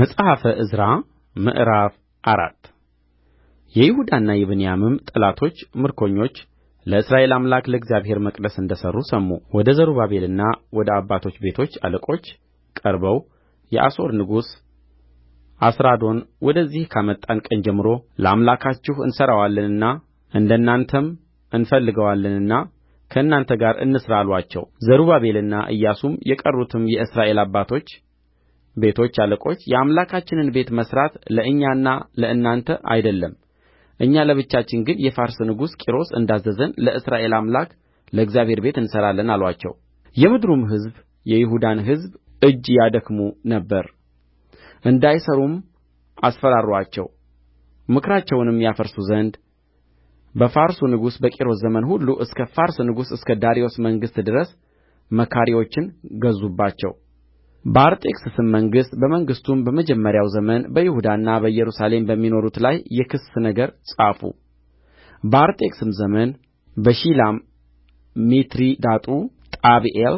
መጽሐፈ ዕዝራ ምዕራፍ አራት የይሁዳና የብንያምም ጠላቶች ምርኮኞች ለእስራኤል አምላክ ለእግዚአብሔር መቅደስ እንደ ሠሩ ሰሙ ወደ ዘሩባቤልና ወደ አባቶች ቤቶች አለቆች ቀርበው የአሦር ንጉሥ አስራዶን ወደዚህ ካመጣን ቀን ጀምሮ ለአምላካችሁ እንሠዋለንና እንደ እናንተም እንፈልገዋለንና ከእናንተ ጋር እንሥራ አሉአቸው ዘሩባቤልና ኢያሱም የቀሩትም የእስራኤል አባቶች ቤቶች አለቆች የአምላካችንን ቤት መሥራት ለእኛና ለእናንተ አይደለም እኛ ለብቻችን ግን የፋርስ ንጉሥ ቂሮስ እንዳዘዘን ለእስራኤል አምላክ ለእግዚአብሔር ቤት እንሠራለን አሉአቸው የምድሩም ሕዝብ የይሁዳን ሕዝብ እጅ ያደክሙ ነበር እንዳይሠሩም አስፈራሩአቸው ምክራቸውንም ያፈርሱ ዘንድ በፋርሱ ንጉሥ በቂሮስ ዘመን ሁሉ እስከ ፋርስ ንጉሥ እስከ ዳርዮስ መንግሥት ድረስ መካሪዎችን ገዙባቸው በአርጤክስስም መንግሥት በመንግሥቱም በመጀመሪያው ዘመን በይሁዳና በኢየሩሳሌም በሚኖሩት ላይ የክስ ነገር ጻፉ በአርጤክስስ ዘመን በሺላም ሚትሪዳጡ ጣብኤል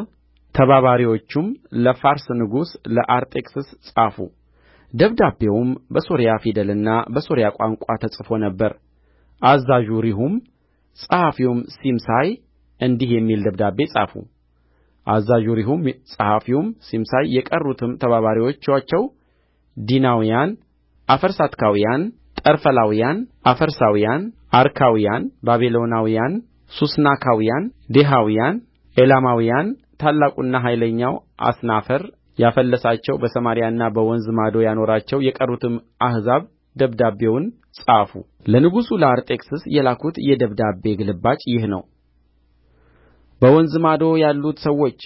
ተባባሪዎቹም ለፋርስ ንጉሥ ለአርጤክስስ ጻፉ ደብዳቤውም በሶርያ ፊደልና በሶርያ ቋንቋ ተጽፎ ነበር አዛዡ ሬሁም ጸሐፊውም ሲምሳይ እንዲህ የሚል ደብዳቤ ጻፉ አዛዡ ሬሁም ጸሐፊውም ሲምሳይ የቀሩትም ተባባሪዎቻቸው ዲናውያን አፈርሳትካውያን ጠርፈላውያን አፈርሳውያን አርካውያን ባቢሎናውያን ሱስናካውያን ዴሐውያን ኤላማውያን ታላቁና ኃይለኛው አስናፈር ያፈለሳቸው በሰማርያና በወንዝ ማዶ ያኖራቸው የቀሩትም አሕዛብ ደብዳቤውን ጻፉ ለንጉሡ ለአርጤክስስ የላኩት የደብዳቤ ግልባጭ ይህ ነው በወንዝ ማዶ ያሉት ሰዎች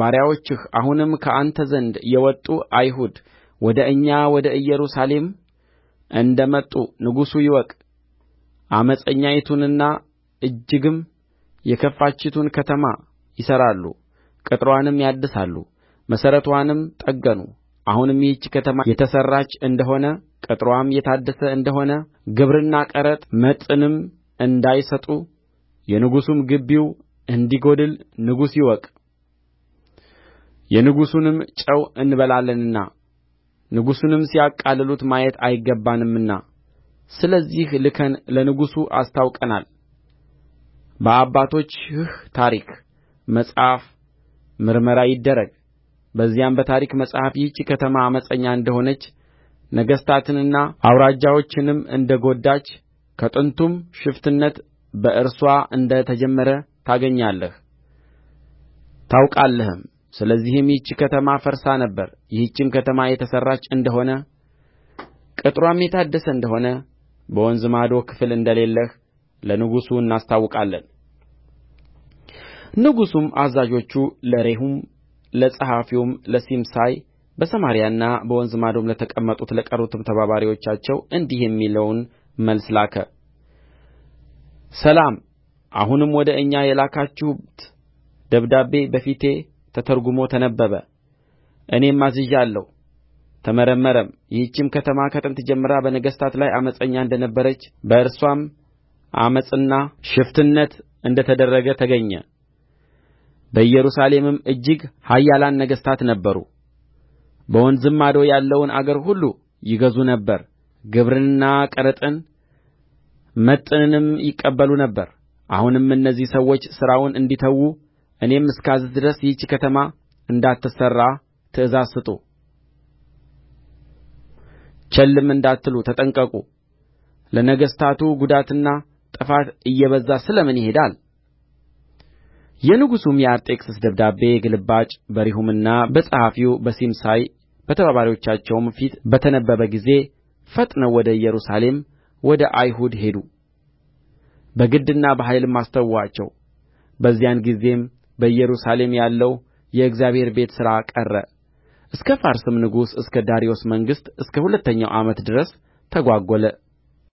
ባሪያዎችህ አሁንም ከአንተ ዘንድ የወጡ አይሁድ ወደ እኛ ወደ ኢየሩሳሌም እንደ መጡ ንጉሡ ይወቅ ዓመፀኛይቱንና እጅግም የከፋቺቱን ከተማ ይሠራሉ ቅጥርዋንም ያድሳሉ መሠረትዋንም ጠገኑ አሁንም ይህች ከተማ የተሠራች እንደሆነ ቅጥርዋም የታደሰ እንደሆነ ግብርና ቀረጥ መጥንም እንዳይሰጡ የንጉሡም ግቢው እንዲጐድል ንጉሡ ይወቅ የንጉሡንም ጨው እንበላለንና ንጉሡንም ሲያቃልሉት ማየት አይገባንምና ስለዚህ ልከን ለንጉሡ አስታውቀናል በአባቶችህ ታሪክ መጽሐፍ ምርመራ ይደረግ በዚያም በታሪክ መጽሐፍ ይህች ከተማ ዓመፀኛ እንደ ሆነች ነገሥታትንና አውራጃዎችንም እንደ ጐዳች ከጥንቱም ሽፍትነት በእርስዋ እንደ ተጀመረ ታገኛለህ ታውቃለህም ስለዚህም ይህች ከተማ ፈርሳ ነበር ይህችም ከተማ የተሠራች እንደ ሆነ ቅጥርዋም የታደሰ እንደ ሆነ በወንዝ ማዶ ክፍል እንደሌለህ ለንጉሡ እናስታውቃለን ንጉሡም አዛዦቹ ለሬሁም ለጸሐፊውም ለሲምሳይ በሰማርያና በወንዝ ማዶም ለተቀመጡት ለቀሩትም ተባባሪዎቻቸው እንዲህ የሚለውን መልስ ላከ ሰላም አሁንም ወደ እኛ የላካችሁት ደብዳቤ በፊቴ ተተርጕሞ ተነበበ እኔም አዝዣለሁ ተመረመረም ይህችም ከተማ ከጥንት ጀምራ በነገሥታት ላይ ዓመፀኛ እንደ ነበረች በእርስዋም ዓመፅና ሽፍትነት እንደ ተደረገ ተገኘ በኢየሩሳሌምም እጅግ ኃያላን ነገሥታት ነበሩ በወንዝም ማዶ ያለውን አገር ሁሉ ይገዙ ነበር ግብርንና ቀረጥን መጥንንም ይቀበሉ ነበር አሁንም እነዚህ ሰዎች ሥራውን እንዲተዉ እኔም እስካዝዝ ድረስ ይህች ከተማ እንዳትሠራ ትእዛዝ ስጡ ቸልም እንዳትሉ ተጠንቀቁ ለነገሥታቱ ጉዳትና ጥፋት እየበዛ ስለ ምን ይሄዳል የንጉሡም የአርጤክስስ ደብዳቤ ግልባጭ በሬሁምና በጸሐፊው በሲምሳይ በተባባሪዎቻቸውም ፊት በተነበበ ጊዜ ፈጥነው ወደ ኢየሩሳሌም ወደ አይሁድ ሄዱ በግድና በኃይልም አስተዉአቸው በዚያን ጊዜም በኢየሩሳሌም ያለው የእግዚአብሔር ቤት ሥራ ቀረ እስከ ፋርስም ንጉሥ እስከ ዳርዮስ መንግሥት እስከ ሁለተኛው ዓመት ድረስ ተጓጐለ